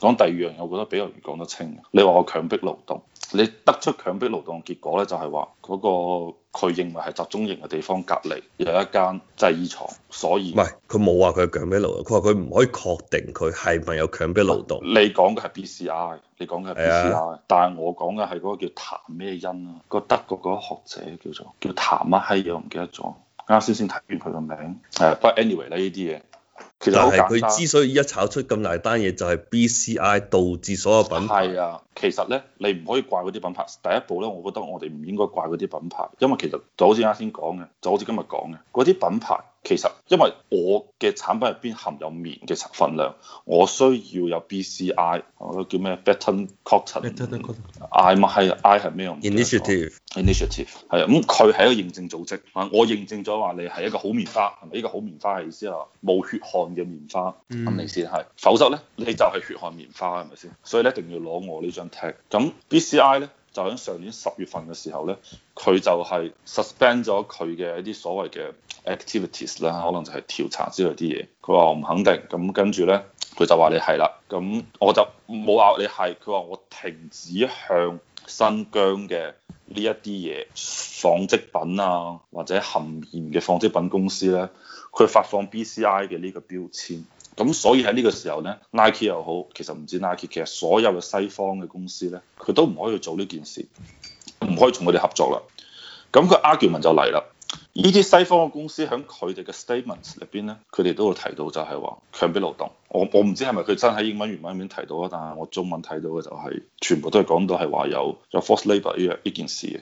講第二樣，我覺得比較容易講得清。你話我強迫勞動，你得出強迫勞動嘅結果咧，就係話嗰個佢認為係集中營嘅地方隔離有一間製衣廠，所以唔係佢冇話佢強迫勞動，佢話佢唔可以確定佢係咪有強迫勞動。你講嘅係 B C I，你講嘅係 B C I，是、啊、但係我講嘅係嗰個叫譚咩欣啊，個德國嗰個學者叫做叫譚乜閪嘢，我唔記得咗，啱先先睇完佢個名。係，不過 anyway 咧，呢啲嘢。但係佢之所以一炒出咁大單嘢，就係 BCI 導致所有品牌係啊。其實咧，你唔可以怪嗰啲品牌。第一步咧，我覺得我哋唔應該怪嗰啲品牌，因為其實就好似啱先講嘅，就好似今日講嘅嗰啲品牌，其實因為我嘅產品入邊含有棉嘅份量，我需要有 BCI，叫咩？Better Cotton，I 係 I 係咩？Initiative，Initiative 係啊。咁佢係一個認證組織啊，我認證咗話你係一個好棉花，係咪依個好棉花嘅意思啊？冇血汗。嘅棉花咁你先係，嗯、否則咧你就係血汗棉花係咪先？所以咧一定要攞我張呢張 tag。咁 B C I 咧就喺上年十月份嘅時候咧，佢就係 suspend 咗佢嘅一啲所謂嘅 activities 啦，可能就係調查之類啲嘢。佢話我唔肯定，咁跟住咧佢就話你係啦。咁我就冇話你係，佢話我停止向。新疆嘅呢一啲嘢紡織品啊，或者含鹽嘅紡織品公司咧，佢發放 B C I 嘅呢個標籤，咁所以喺呢個時候咧，Nike 又好，其實唔止 Nike，其實所有嘅西方嘅公司咧，佢都唔可以做呢件事，唔可以同佢哋合作啦。咁佢 argument 就嚟啦，呢啲西方嘅公司喺佢哋嘅 statements 裏邊咧，佢哋都會提到就係話強逼勞動。我我唔知係咪佢真喺英文原文入面提到啊，但係我中文睇到嘅就係全部都係講到係話有有 forced labour 呢件事嘅。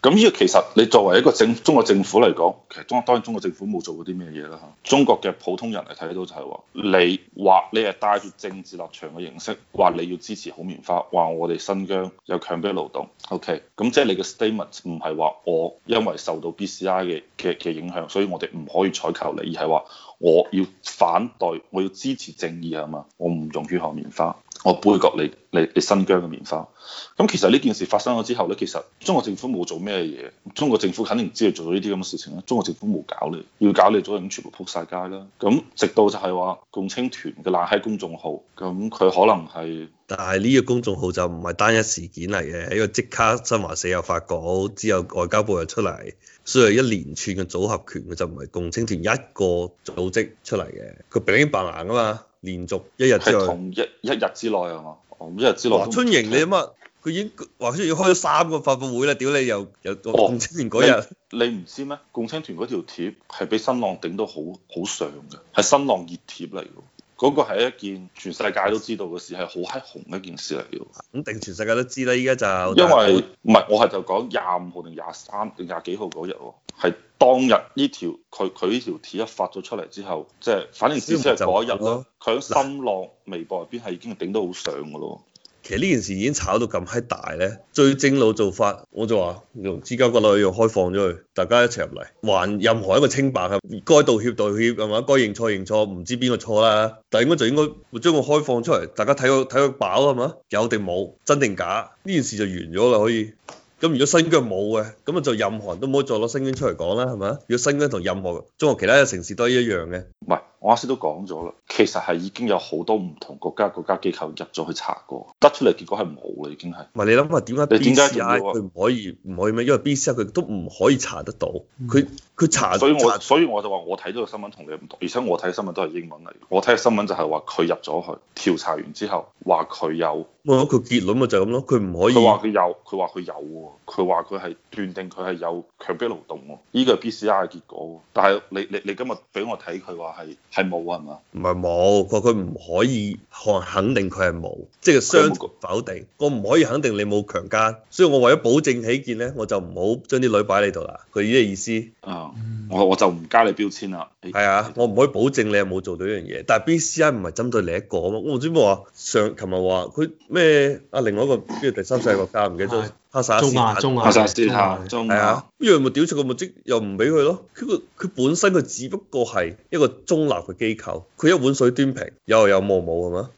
咁呢個其實你作為一個政中國政府嚟講，其實中當然中國政府冇做過啲咩嘢啦。中國嘅普通人嚟睇到就係話，你話你係帶住政治立場嘅形式話你要支持好棉花，話我哋新疆有強迫勞動。OK，咁即係你嘅 statement 唔係話我因為受到 B C I 嘅嘅嘅影響，所以我哋唔可以採購你，而係話。我要反對，我要支持正義係嘛！我唔用血汗棉花。我背角你你你新疆嘅棉花，咁其實呢件事發生咗之後咧，其實中國政府冇做咩嘢，中國政府肯定知道做咗呢啲咁嘅事情啦，中國政府冇搞你，要搞你，早已經全部仆晒街啦。咁直到就係話共青團嘅爛閪公眾號，咁佢可能係，但係呢個公眾號就唔係單一事件嚟嘅，因為即刻新華社又發稿，之後外交部又出嚟，所以一連串嘅組合拳佢就唔係共青團一個組織出嚟嘅，佢餅已經爆硬噶嘛。連續一日之同一一日之內啊嘛？哦，一日之內。之內華春瑩，你諗啊？佢已經華春瑩要開咗三個發佈會啦！屌你又又共青團嗰日，哦，你唔知咩？共青團嗰條貼係俾新浪頂到好好上嘅，係新浪熱帖嚟嘅。嗰、嗰個係一件全世界都知道嘅事，係好閪紅一件事嚟嘅。肯定全世界都知啦，依家就因為唔係是，我係就講廿五號定廿三定廿幾號嗰日喎。當日呢條佢佢呢條帖一發咗出嚟之後，即係反正只係嗰一日咯。佢喺新浪微博入邊係已經頂得好上嘅咯。其實呢件事已經炒到咁閪大咧，最正路做法我就話用資金割女去，用開放咗去，大家一齊入嚟，還任何一個清白係該道歉道歉係嘛，該認錯認錯，唔知邊個錯啦。但應該就應該將個開放出嚟，大家睇個睇佢飽係嘛，有定冇，真定假，呢件事就完咗啦，可以。咁如果新疆冇嘅，咁就任何人都唔好再攞新疆出嚟講啦，係咪？如果新疆同任何中國其他城市都係一樣嘅，唔係。我啱先都講咗啦，其實係已經有好多唔同國家、國家機構入咗去查過，得出嚟結果係冇啦，已經係。唔係你諗下點解 B C R 佢唔可以唔可以咩？因為 B C R 佢都唔可以查得到，佢佢查。所以我查所以我就話，我睇到嘅新聞同你唔同，而且我睇嘅新聞都係英文嚟，我睇嘅新聞就係話佢入咗去調查完之後，話佢有。咪咯、哦，佢結論咪就咁咯，佢唔可以。佢話佢有，佢話佢有喎，佢話佢係斷定佢係有強迫勞動喎，呢個係 B C R 嘅結果。但係你你你今日俾我睇佢話係。係冇啊，係嘛？唔係冇，個佢唔可以確肯定佢係冇，即係相否定。我唔可以肯定你冇強姦，所以我為咗保證起見咧，我就唔好將啲女擺喺度啦。佢呢個意思。嗯、啊，哎、我我就唔加你標籤啦。係啊，我唔可以保證你係冇做到呢樣嘢。但係 B C I 唔係針對你一個啊嘛。我唔知點解話上琴日話佢咩啊？另外一個即係第三世界國家，唔記得咗、嗰個。哎吓晒中時間，吓晒先吓，係啊，呢樣咪屌柒個目的又唔俾佢咯。佢佢本身佢只不過係一個中立嘅機構，佢一碗水端平，有有冇冇係嘛？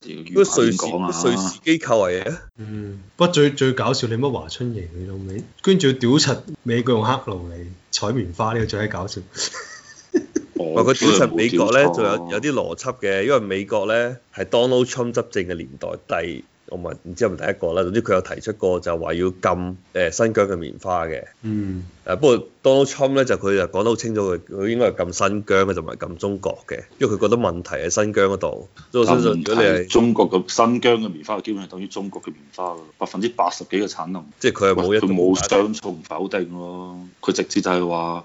屌，都、啊、瑞士瑞士機構嚟嘅。嗯，不過最最搞笑你，你乜華春瑩去到美，跟住屌柒美國用黑奴嚟採棉花，呢、這個最係搞笑。佢屌柒美國咧，就有有啲邏輯嘅，因為美國咧係、嗯嗯嗯、Donald Trump 執政嘅年代，第。我唔知係咪第一個啦，總之佢有提出過就話要禁誒新疆嘅棉花嘅。嗯。誒不過 Donald Trump 咧就佢就講得好清楚嘅，佢應該係禁新疆嘅，嗯、就唔係禁，禁中國嘅，因為佢覺得問題係新疆嗰度。所以我相信如果你係中國嘅新疆嘅棉花，基本等於中國嘅棉花嘅，百分之八十幾嘅產能。即係佢係冇一冇雙重否定咯，佢直接就係話。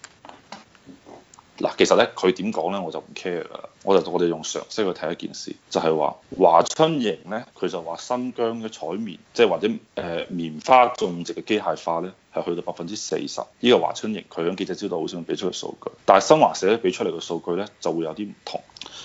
嗱，其實咧，佢點講咧，我就唔 care 啦。我就我哋用常識去睇一件事，就係話華春瑩咧，佢就話新疆嘅彩棉，即係或者誒棉花種植嘅機械化咧，係去到百分之四十。呢個華春瑩佢喺記者招待會上俾出嘅數據，但係新華社咧俾出嚟嘅數據咧就會有啲唔同。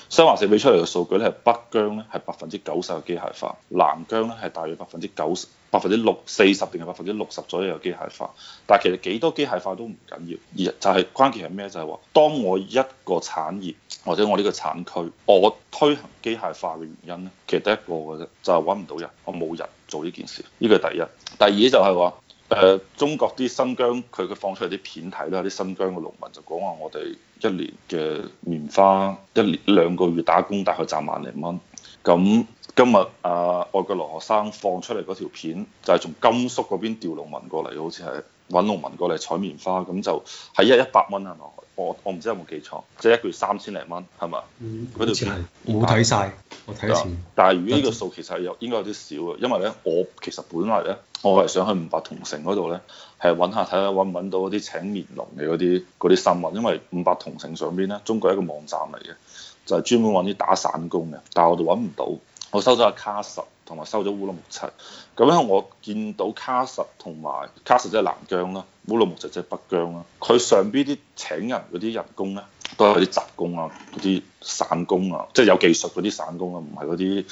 新華社俾出嚟嘅數據咧係北疆咧係百分之九十嘅機械化，南疆咧係大約百分之九十。百分之六四十定係百分之六十左右機械化，但係其實幾多機械化都唔緊要，而就係關鍵係咩？就係話，當我一個產業或者我呢個產區，我推行機械化嘅原因咧，其實得一個嘅啫，就係揾唔到人，我冇人做呢件事，呢個係第一。第二就係、是、話，誒、呃，中國啲新疆佢佢放出嚟啲片睇啦，啲新疆嘅農民就講話，我哋一年嘅棉花一年兩個月打工，大概賺萬零蚊，咁。今日啊，外國留學生放出嚟嗰條片，就係從甘肅嗰邊調農民過嚟，好似係揾農民過嚟採棉花，咁就係一一百蚊啊！我我唔知有冇記錯，即係一個月三千零蚊，係嘛？嗯。嗰條片冇睇晒，但我睇前。但係如果呢個數其實有應該有啲少嘅，因為咧，我其實本嚟咧，我係想去58同城嗰度咧，係揾下睇下揾唔揾到嗰啲請棉農嘅嗰啲啲新聞，因為58同城上邊咧，中國一個網站嚟嘅，就係專門揾啲打散工嘅，但係我哋揾唔到。我收咗阿喀什，同埋收咗烏魯木齊。咁樣我見到喀什同埋喀什，即係南疆啦，烏魯木齊即係北疆啦。佢上邊啲請人嗰啲人工咧，都係啲雜工啊，嗰啲散工啊，即係有技術嗰啲散工啊，唔係嗰啲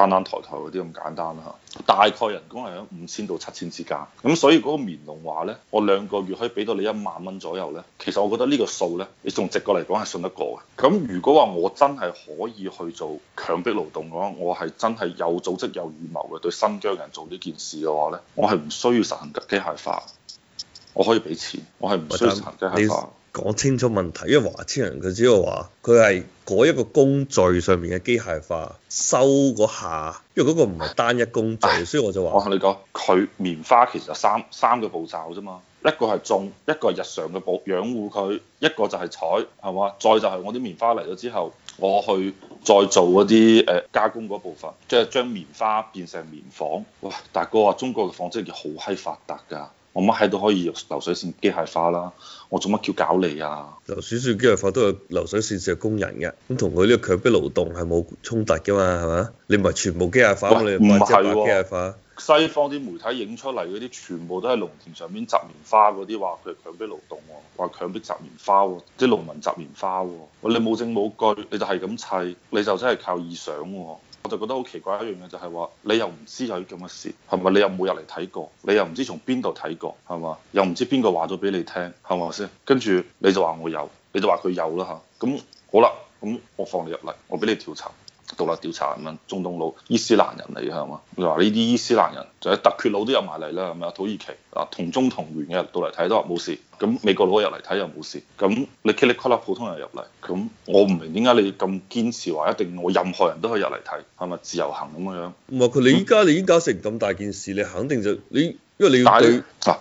單單抬抬嗰啲咁簡單啦，大概人工係喺五千到七千之間，咁所以嗰個棉農話呢，我兩個月可以俾到你一萬蚊左右呢。其實我覺得呢個數呢，你從直覺嚟講係信得過嘅。咁如果話我真係可以去做強迫勞動嘅話，我係真係有組織有預謀嘅對新疆人做呢件事嘅話呢，我係唔需要實行機械化，我可以俾錢，我係唔需要實行機械化。講清楚問題，因為華千人佢只係話佢係嗰一個工序上面嘅機械化收嗰下，因為嗰個唔係單一工序，啊、所以我就話我同你講，佢棉花其實三三個步驟啫嘛，一個係種，一個係日常嘅保養護佢，一個就係採係嘛，再就係我啲棉花嚟咗之後，我去再做嗰啲誒加工嗰部分，即係將棉花變成棉紡。哇！大哥話中國嘅紡織業好閪發達㗎。我乜喺度可以流水線機械化啦，我做乜叫搞你啊？流水線機械化都係流水線式工人嘅，咁同佢呢個強迫勞動係冇衝突噶嘛，係嘛？你唔係全部機械化咁，喂 你唔係、啊、即係機械化。西方啲媒體影出嚟嗰啲，全部都係農田上面摘棉花嗰啲，話佢係強迫勞動喎、啊，話強迫摘棉花喎、啊，啲農民摘棉花喎、啊，你冇證冇據，你就係咁砌，你就真係靠意想喎、啊。我就覺得好奇怪一樣嘢，就係話你又唔知有啲咁嘅事，係咪？你又冇入嚟睇過，你又唔知從邊度睇過，係嘛？又唔知邊個話咗俾你聽，係咪先？跟住你就話我有，你就話佢有啦吓，咁好啦，咁我放你入嚟，我俾你調查。獨立調查咁樣，中東佬伊斯蘭人嚟嘅，係嘛？你話呢啲伊斯蘭人，就係突厥佬都入埋嚟啦，係咪啊？土耳其啊，同中同源嘅入到嚟睇都話冇事，咁美國佬入嚟睇又冇事，咁你噼里啪啦，普通人入嚟，咁我唔明點解你咁堅持話一定我任何人都可以入嚟睇，係咪自由行咁嘅樣？唔係佢，你依家你已經搞成咁大件事，你肯定就你。因為你要對嗱是，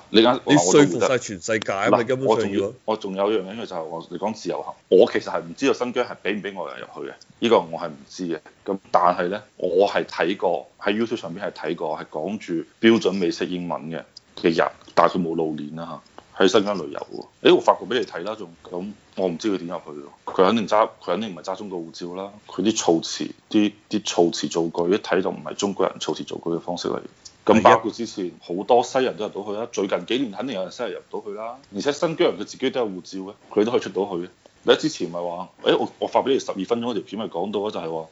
你講，你說服曬全世界啊嘛，根本上要。我仲有樣嘢就係我你講自由行，我其實係唔知道新疆係俾唔俾外人入去嘅，呢、呢個我係唔知嘅。咁但係咧，我係睇過喺 YouTube 上邊係睇過，係講住標準美式英文嘅嘅人，但係佢冇露臉啦嚇，喺新疆旅遊喎。誒，我發個俾你睇啦，仲咁我唔知佢點入去。佢肯定揸，佢肯定唔係揸中國護照啦。佢啲措詞，啲啲措詞造句，一睇就唔係中國人措詞造句嘅方式嚟。咁包括之前好多西人都入到去啦，最近幾年肯定有人西人入到去啦，而且新疆人佢自己都有護照嘅，佢都可以出到去嘅。你之前咪話，誒、欸、我我發畀你十二分鐘嗰條片咪講到啊，就係、是。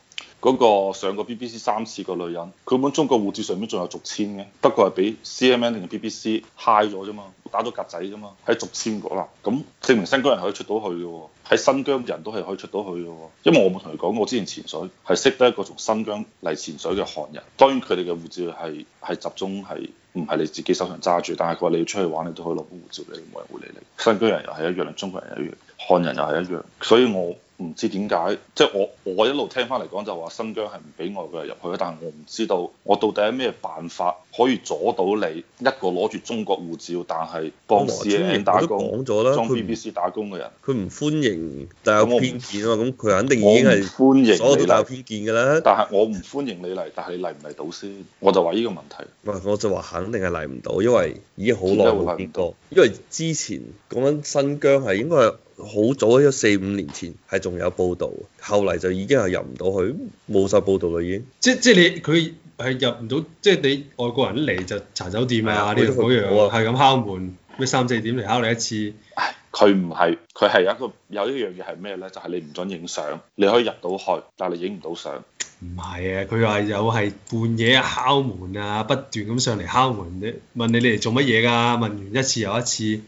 嗰個上過 BBC 三次個女人，佢本中國護照上面仲有續簽嘅，不過係比 C M N 定 B B C high 咗啫嘛，打咗格仔啫嘛，喺續簽嗰啦。咁證明新疆人可以出到去嘅喎，喺新疆人都係可以出到去嘅喎。因為我冇同你講，我之前潛水係識得一個從新疆嚟潛水嘅漢人，當然佢哋嘅護照係係集中，係唔係你自己手上揸住，但係佢話你要出去玩，你都可以攞本護照，你冇人會理你。新疆人又係一樣，中國人一樣，漢人又係一樣，所以我。唔知點解，即係我我一路聽翻嚟講就話新疆係唔俾外國人入去，但係我唔知道我到底有咩辦法可以阻到你一個攞住中國護照，但係幫俄僑民打工咗啦，裝 BBC 打工嘅人，佢唔歡迎，但係有偏見啊，咁佢肯定已經係歡迎，所有都有偏見㗎啦。但係我唔歡迎你嚟，但係你嚟唔嚟到先？我就話呢個問題。我就話肯定係嚟唔到，因為已經好耐冇見過。因為之前講緊新疆係應該。好早喺四五年前係仲有報道，後嚟就已經係入唔到去，冇晒報道啦已經。即即你佢係入唔到，即你外國人嚟就查酒店啊呢度嗰樣，係咁、啊、我敲門，咩三四點嚟敲你一次。佢唔係，佢係有一個有一樣嘢係咩咧？就係、是、你唔準影相，你可以入到去，但係你影唔到相。唔係啊！佢話有係半夜敲門啊，不斷咁上嚟敲門，問你你嚟做乜嘢㗎？問完一次又一次。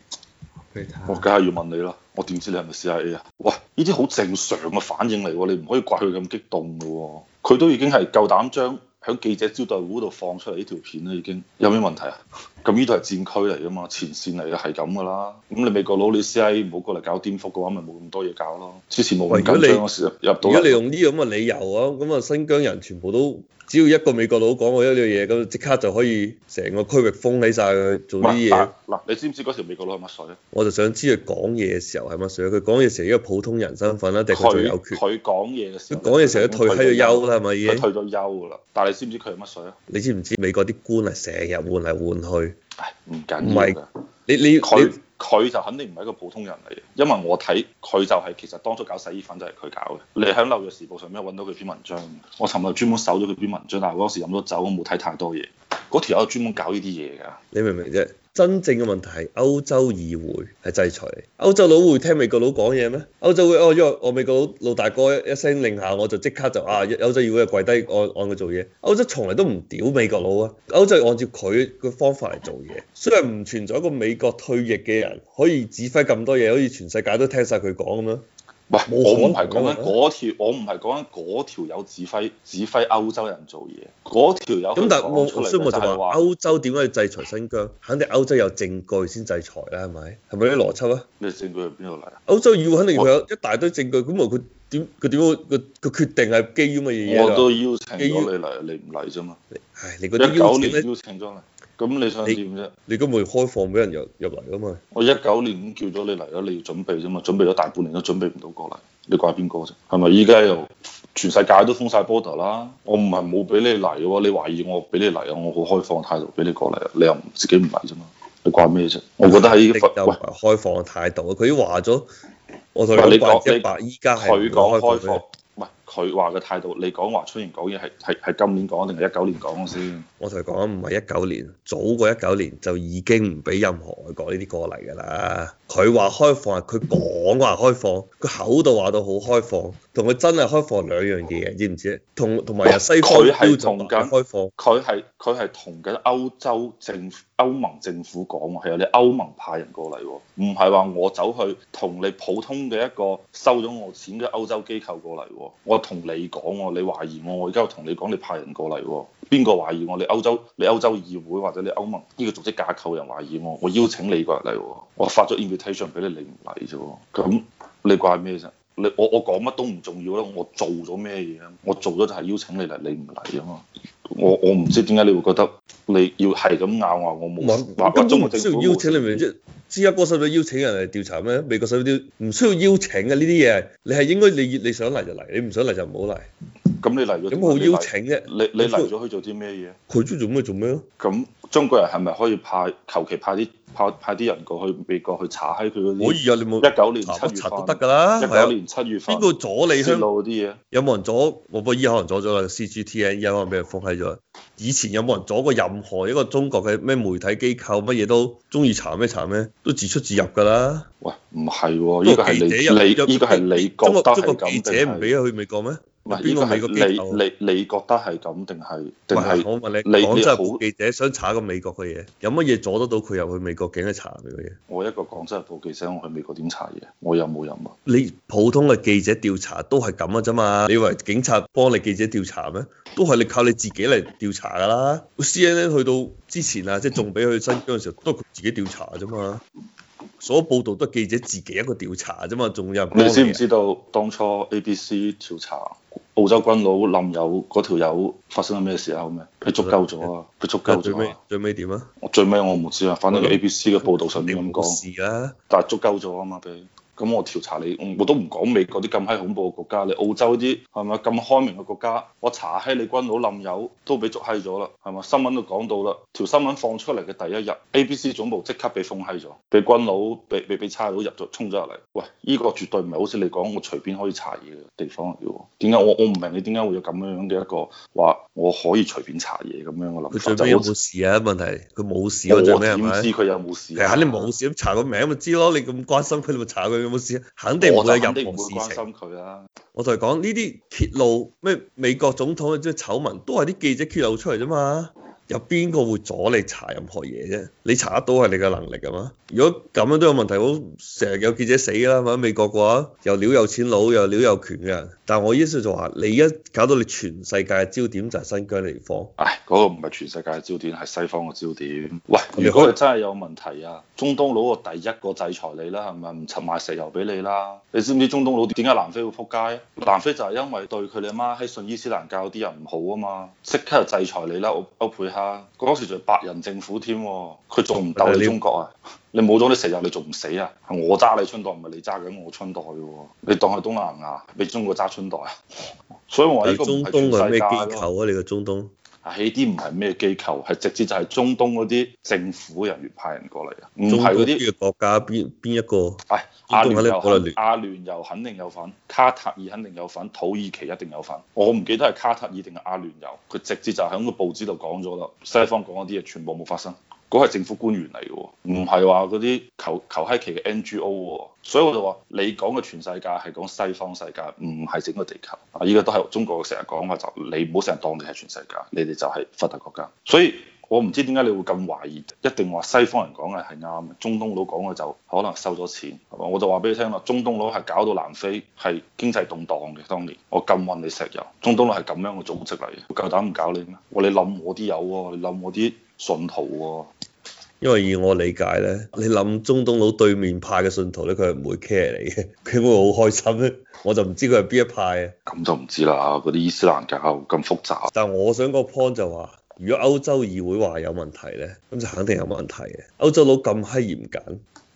我梗係要問你啦，我點知你係咪 CIA 啊？喂，呢啲好正常嘅反應嚟，你唔可以怪佢咁激動嘅哦。佢都已經係夠膽將響記者招待會度放出嚟呢條片啦，已經有咩問題啊？咁呢度係戰區嚟㗎嘛，前線嚟嘅，係咁㗎啦。咁你美國佬你 CIA 唔好過嚟搞顛覆嘅話，咪冇咁多嘢搞咯。之前冇咁緊張，你入到。如果你用呢樣咁嘅理由啊，咁啊新疆人全部都只要一個美國佬講我一樣嘢，咁即刻就可以成個區域封起晒佢做啲嘢。嗱，你知唔知嗰時美國佬係乜水？我就想知佢講嘢嘅時候係乜水。佢講嘢成係一個普通人身份啦、啊，定係最有權？佢講嘢嘅時候。佢講嘢成日退喺度休啦，係咪已嘢？退咗休㗎啦。但係你知唔知佢係乜水啊？你知唔知，知，知美國啲官係成日換嚟換去？唉，唔緊要㗎，你你佢佢就肯定唔係一個普通人嚟嘅，因為我睇佢就係、是、其實當初搞洗衣粉就係佢搞嘅，你喺《紐約時報》上面搵到佢篇文章，我尋日專門搜咗佢篇文章，但係我嗰時飲咗酒，我冇睇太多嘢，嗰條友專門搞呢啲嘢㗎，你明唔明啫？真正嘅問題係歐洲議會係制裁，歐洲佬會聽美國佬講嘢咩？歐洲會哦，因為，我美國佬老大哥一聲令下，我就即刻就啊，歐洲議會就跪低按按佢做嘢。歐洲從來都唔屌美國佬啊！歐洲按照佢嘅方法嚟做嘢，雖然唔存在一個美國退役嘅人可以指揮咁多嘢，好似全世界都聽曬佢講咁樣。喂，我唔係講緊嗰條，啊、我唔係講緊嗰條友指揮指揮歐洲人做嘢嗰條友。咁但係我所以咪就話歐洲點解去制裁新疆？肯定歐洲有證據先制裁啦，係咪？係咪你啲邏輯啊？咩證據喺邊度嚟？歐洲要肯定佢有一大堆證據，咁咪佢點佢點個個決定係基於乜嘢嘢啊？我都邀請咗你嚟，於你唔嚟啫嘛？唉，你嗰啲邀請咧？咁你想點啫？你咁會開放俾人入入嚟噶嘛？我一九年已經叫咗你嚟咗，你要準備啫嘛。準備咗大半年都準備唔到過嚟，你怪邊個啫？係咪依家又全世界都封晒 border 啦？我唔係冇俾你嚟嘅喎，你懷疑我俾你嚟啊？我好開放態度俾你過嚟啊！你又唔自己唔嚟啫嘛？你怪咩啫？我覺得係依個開放嘅態度啊！佢喂已經話咗，我同你講一百依家係唔開放。唔喂，佢話嘅態度，你講話華春瑩講嘢係係係今年講定係一九年講先？嗯我同佢講唔係一九年，早過一九年就已經唔俾任何外國呢啲過嚟噶啦。佢話開放，佢講話開放，佢口度話到好開放，同佢真係開放兩樣嘢，知唔知？同同埋西方標準開放，佢係佢係同緊歐洲政府、歐盟政府講，係有你歐盟派人過嚟，唔係話我走去同你普通嘅一個收咗我錢嘅歐洲機構過嚟，我同你講，你懷疑我，我而家同你講，你派人過嚟，邊個懷疑我你？歐洲，你歐洲議會或者你歐盟呢個組織架構人懷疑我，我邀請你過嚟我，我發咗 invitation 俾你，你唔嚟啫喎，咁你怪咩啫？你我我講乜都唔重要啦，我做咗咩嘢咧？我做咗就係邀請你嚟，你唔嚟啊嘛，我我唔知點解你會覺得你要係咁拗我，我冇，根本唔需要邀請你嚟啫，芝加哥使唔使邀請人嚟調查咩？美國使唔使？唔需要邀請嘅呢啲嘢，你係應該你應該你想嚟就嚟，你唔想嚟就唔好嚟。咁你嚟咗咁我邀請啫，你來了你嚟咗可以做啲咩嘢？佢中意做咩做咩咯？咁中國人係咪可以派求其派啲？派派啲人過去美國去查喺佢可以啊，你冇一九年七月都得㗎啦，一九年七月份邊個阻你香港嗰啲嘢？有冇人阻？我不依可能阻咗啦，C G T N 依家可能俾人放閪咗。以前有冇人阻過任何一個中國嘅咩媒體機構乜嘢都中意查咩查咩，都自出自入㗎啦。喂，唔係喎，呢個係你，呢個係你覺得係咁定係？中國，中國記者唔俾佢去美國咩？唔係，呢個係你，你你覺得係咁定係？喂，我問你，你講真係好記者想查一個美國嘅嘢，有乜嘢阻得到佢入去美國？個警察嚟查呢個嘢，我一個廣州嘅記者，我去美國點查嘢？我有冇飲啊！你普通嘅記者調查都係咁啊啫嘛！你以為警察幫你記者調查咩？都係你靠你自己嚟調查噶啦！CNN 去到之前啊，即係仲俾佢新疆嘅時候，都係佢自己調查啫嘛。所報道都係記者自己一個調查啫嘛，仲有你知唔知道當初 A B C 調查澳洲軍佬冧友嗰條友發生咗咩事啊？後咩？佢捉鳩咗啊！佢捉鳩咗啊！最尾點啊？最我最尾我唔知啊，反正 A B C 嘅報道上面咁講，冇事啊！但係捉鳩咗啊嘛，佢。咁我調查你，我都唔講美國啲咁閪恐怖嘅國家，你澳洲啲係咪咁開明嘅國家，我查閪你軍佬冧友都俾捉閪咗啦，係嘛，新聞都講到啦，條新聞放出嚟嘅第一日，ABC 總部即刻俾封閪咗，俾軍佬俾俾俾差佬入咗衝咗入嚟，喂，呢個絕對唔係好似你講我隨便可以查嘢嘅地方嚟嘅喎，點解我我唔明你點解會有咁樣嘅一個話我可以隨便查嘢咁樣嘅諗法？佢做咩冇事啊？問題佢冇事喎、啊，我點知佢有冇事？係肯定冇事，查個名咪知咯。你咁關心佢，咪查佢。冇事啊，肯定唔會有任何事情。我就、啊、我跟你講呢啲揭露咩美國總統嘅啲醜聞，都係啲記者揭露出嚟啫嘛。有邊個會阻你查任何嘢啫？你查得到係你嘅能力㗎嘛！如果咁樣都有問題，好成日有記者死啦，喺美國嘅話又料有錢佬又料有權嘅。但係我意思就話，你一搞到你全世界嘅焦點就係新疆地方，唉，嗰個唔係全世界嘅焦點，係西方嘅焦點。喂，喂，如果係真係有問題啊，中東佬我第一個制裁你啦，係咪唔沉埋石油俾你啦？你知唔知中東佬點解南非會撲街？南非就係因為對佢哋阿媽喺信伊斯蘭教啲人唔好啊嘛，即刻就制裁你啦！我我配合。啊！嗰時仲係白人政府添，啊，佢做唔到。你中國啊？的你冇咗啲石油，你仲唔死啊？我揸你春袋，唔係你揸緊我春袋喎，啊。你當係東南亞俾中國揸春袋啊？所以我話呢個中東係咩機構啊？你個中東？啊！呢啲唔係咩機構，係直接就係中東嗰啲政府人員派人過嚟啊！唔係嗰啲國家邊邊一個？係阿、哎、聯酋、阿聯酋肯定有份，卡塔爾肯定有份，土耳其一定有份。我唔記得係卡塔爾定係阿聯酋，佢直接就喺個報紙度講咗啦。西方講嗰啲嘢全部冇發生。嗰係政府官員嚟嘅，唔係話嗰啲求求閪其嘅 NGO、啊、所以我就話你講嘅全世界係講西方世界，唔係整個地球。依個都係中國成日講嘅，就你唔好成日當你係全世界，你哋就係發達國家。所以我唔知點解你會咁懷疑，一定話西方人講嘅係啱，中東佬講嘅就可能收咗錢，係嘛？我就話俾你聽啦，中東佬係搞到南非係經濟動盪嘅當年，我禁運你石油。中東佬係咁樣嘅組織嚟嘅，夠膽唔搞你咩？我你諗我啲油，你諗我啲、啊、信徒、啊。因為以我理解咧，你諗中東佬對面派嘅信徒咧，佢係唔會 care 你嘅，佢會好開心咧。我就唔知佢係邊一派啊。咁就唔知啦，嗰啲伊斯蘭教咁複雜。但係我想個 point 就話、是，如果歐洲議會話有問題咧，咁就肯定有問題嘅。歐洲佬咁閪嚴謹，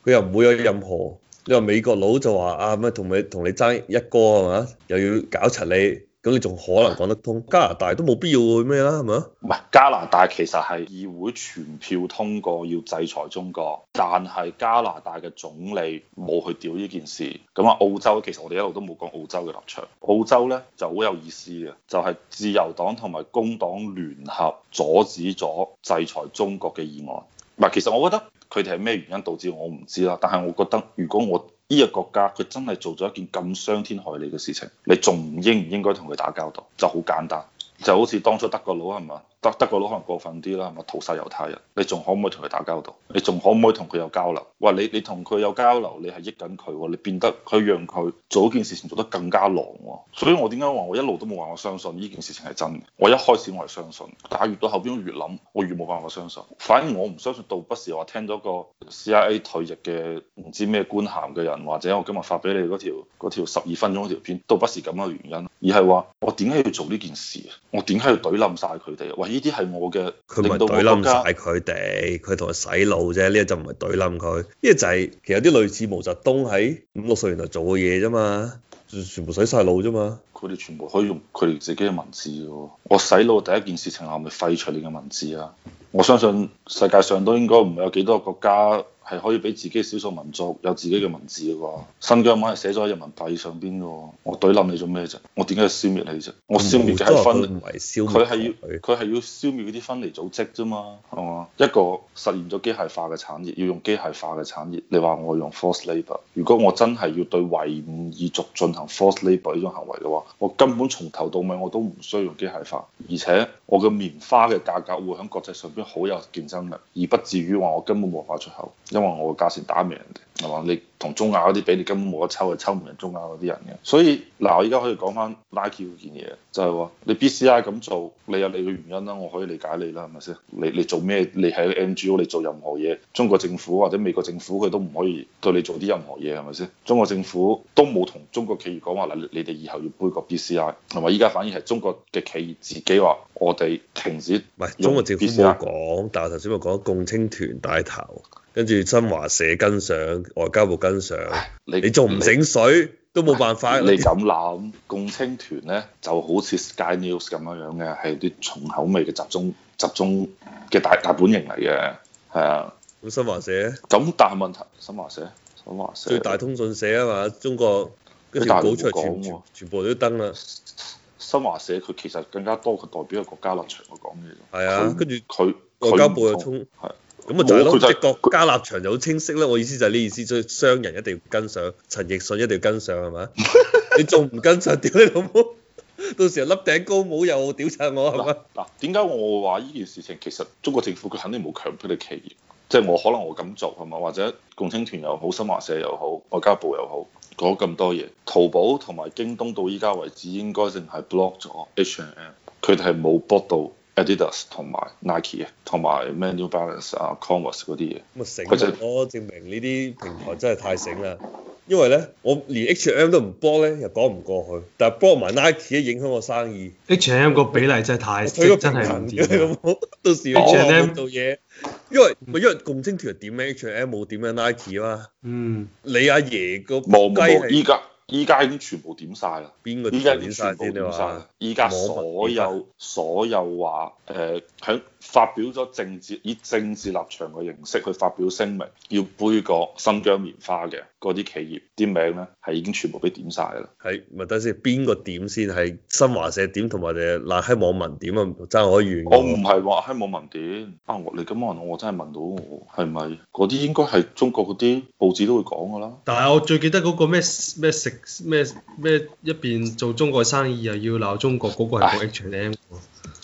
佢又唔會有任何你話美國佬就話啊咩同你同你爭一哥係嘛，又要搞柒你。咁你仲可能講得通？加拿大都冇必要去咩啦，係咪啊？唔係、啊、加拿大其實係議會全票通過要制裁中國，但係加拿大嘅總理冇去屌呢件事。咁啊，澳洲其實我哋一路都冇講澳洲嘅立場。澳洲呢就好有意思嘅，就係、是、自由黨同埋工黨聯合阻止咗制裁中國嘅議案。唔係，其實我覺得佢哋係咩原因導致我唔知啦。但係我覺得如果我呢個國家佢真係做咗一件咁傷天害理嘅事情，你仲應唔應該同佢打交道？就好簡單，就好似當初德國佬係嘛？得得個佬可能過分啲啦，係咪？屠殺猶太人，你仲可唔可以同佢打交道？你仲可唔可以同佢有交流？喂，你你同佢有交流，你係益緊佢喎，你變得佢讓佢做嗰件事情做得更加狼喎、哦。所以我點解話我一路都冇話我相信呢件事情係真嘅？我一開始我係相信，但係越到後邊越諗，我越冇辦法相信。反而我唔相信，倒不是話聽咗個 CIA 退役嘅唔知咩官銜嘅人，或者我今日發俾你嗰條十二分鐘嗰條片，倒不是咁嘅原因，而係話我點解要做呢件事？我點解要懟冧晒佢哋？呢啲係我嘅，佢都對冧晒佢哋，佢同佢洗腦啫，呢就唔係對冧佢，呢就係其實啲類似毛澤東喺五六十年代做嘅嘢啫嘛，全部洗晒腦啫嘛，佢哋全部可以用佢哋自己嘅文字喎，我洗腦第一件事情係咪廢除你嘅文字啊？我相信世界上都應該唔會有幾多個國家。係可以俾自己少數民族有自己嘅文字嘅話，新疆文係寫咗喺人民幣上邊嘅喎，我懟冧你做咩啫？我點解要消滅你啫？我消滅嘅係分離，佢係要佢係要消滅嗰啲分離組織啫嘛。係嘛？嗯、一個實現咗機械化嘅產業，要用機械化嘅產業。你話我用 forced labour，如果我真係要對維吾爾族進行 forced labour 呢種行為嘅話，我根本從頭到尾我都唔需要用機械化，而且我嘅棉花嘅價格會喺國際上邊好有競爭力，而不至於話我根本無法出口。因為我個價錢打埋人哋係嘛，你同中亞嗰啲比，你根本冇得抽，係抽唔人中亞嗰啲人嘅。所以嗱，我依家可以講翻 Nike 嗰件嘢，就係、是、話你 BCI 咁做，你有、啊、你嘅原因啦，我可以理解你啦，係咪先？你你做咩？你喺 NGO，你做任何嘢，中國政府或者美國政府佢都唔可以對你做啲任何嘢，係咪先？中國政府都冇同中國企業講話嗱，你哋以後要背個 BCI，同埋依家反而係中國嘅企業自己話我哋停止。唔係中國政府講，但係我頭先咪講共青團帶頭。跟住新華社跟上，外交部跟上，你做唔整水你都冇辦法。你咁諗？共青團咧就好似 Sky News 咁樣樣嘅，係啲重口味嘅集中集中嘅大大本營嚟嘅，係啊。咁新華社咁但係問題，新華社，新華社最大通訊社啊嘛，中國跟住大稿出嚟，全部全部都登啦。新華社佢其實更加多，佢代表個國家立場，去講嘢。係啊，跟住佢外交部又衝。係。咁啊，就係咯，即國、就是、家立場就好清晰啦。它 我意思就係呢意思，所以商人一定要跟上，陳奕迅一定要跟上，係咪 你仲唔跟上，屌你老母！ 到時候笠頂，頂高帽又屌晒我，係咪嗱，點解、啊啊、我話呢件事情其實中國政府佢肯定冇強迫你企業，即、就、係、是、我可能我噉做係咪？或者共青團又好，新華社又好，外交部又好，講咁多嘢。淘寶同埋京東到依家為止應該淨係 block 咗 H and M，佢哋係冇 block 到。Adidas 同埋 Nike 啊，同埋咩 New Balance 啊 Converse 嗰啲嘢。咁啊醒，者我證明呢啲平台真係太醒啦。因為咧，我連 HM 都唔幫咧，又講唔過去。但係幫埋 Nike 咧，影響我生意。HM 個比例真係太，少為，真係唔掂嘅咁。 到時候 HM、oh、做嘢，因為因為共青團點 HM 冇點樣嘅 Nike 啊嘛。嗯。你阿、啊、爺個雞係依家。依家已經全部點晒啦，邊個依家點曬啲依家所有所有話誒，響、呃、發表咗政治以政治立場嘅形式去發表聲明，要杯葛新疆棉花嘅嗰啲企業呢，啲名咧係已經全部俾點晒啦。係咪等先？邊個點先？係新華社點同埋誒嗱喺網民點啊？爭我冤㗎。我唔係話喺網民點啊！你我你咁問我，真係問到我係咪？嗰啲應該係中國嗰啲報紙都會講㗎啦。但係我最記得嗰個咩咩食咩咩一邊做中國生意又要鬧中國，嗰、那個係講 H&M。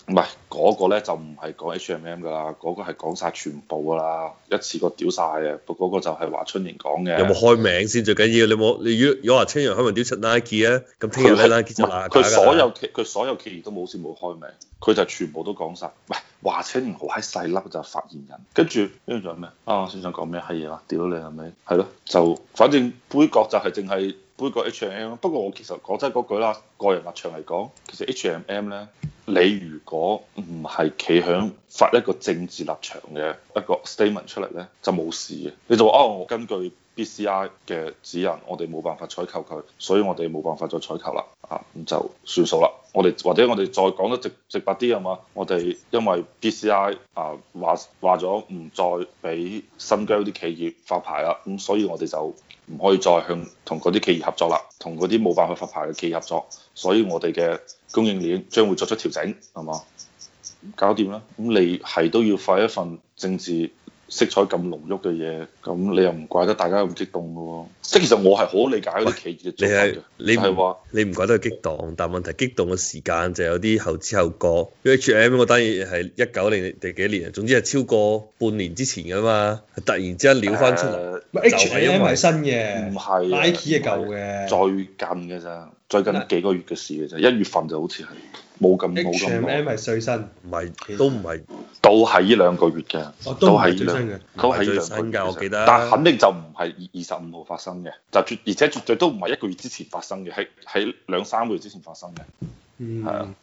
唔係嗰個咧就唔係講 H&M m 噶啦，嗰、那個係講晒全部噶啦，一次過屌晒嘅。嗰、那、嗰個就係華春瑩講嘅。有冇開名先最緊要？你冇你，你如果華春瑩可能屌柒 Nike 咧，咁聽佢 Nike 就。佢所有佢所有企業都冇，好似冇開名。佢就全部都講晒。喂、哎，華春瑩好閪細粒，就係發言人。跟住跟住仲有咩？啊，先生講咩？係啊，屌你係咪？係咯，就反正杯葛就係淨係。背個 HMM，不過我其實講真嗰句啦，個人立場嚟講，其實 HMM 咧， 你如果唔係企響發一個政治立場嘅一個 statement 出嚟咧，就冇事嘅，你就話哦，我根據。B C I 嘅指引，我哋冇辦法採購佢，所以我哋冇辦法再採購啦。啊，咁就算數啦。我哋或者我哋再講得直直白啲係嘛，我哋因為 B C I 啊話話咗唔再俾新疆啲企業發牌啦，咁所以我哋就唔可以再向同嗰啲企業合作啦，同嗰啲冇辦法發牌嘅企業合作，所以我哋嘅供應鏈將會作出調整，係嘛？搞掂啦，咁你係都要發一份政治色彩咁濃郁嘅嘢，咁你又唔怪得大家咁激動咯喎、啊！即係其實我係好理解嗰啲企業嘅做你係你係話你唔怪得佢激動，但問題激動嘅時間就有啲後知後覺。H M 我當然係一九零零幾年，總之係超過半年之前嘅嘛，突然之間撩翻出嚟。呃、H M 係新嘅唔係，Nike 係舊嘅，最近嘅咋？最近幾個月嘅事嘅咋？一、呃、月份就好似係。冇咁冇咁。H M 係最新，唔係都唔係，都係呢兩個月嘅、哦，都係最新嘅，都係最新嘅，我記得。但肯定就唔係二十五號發生嘅，就絕但 而且絕對都唔係一個月之前發生嘅，喺喺兩三個月之前發生嘅。嗯。係啊。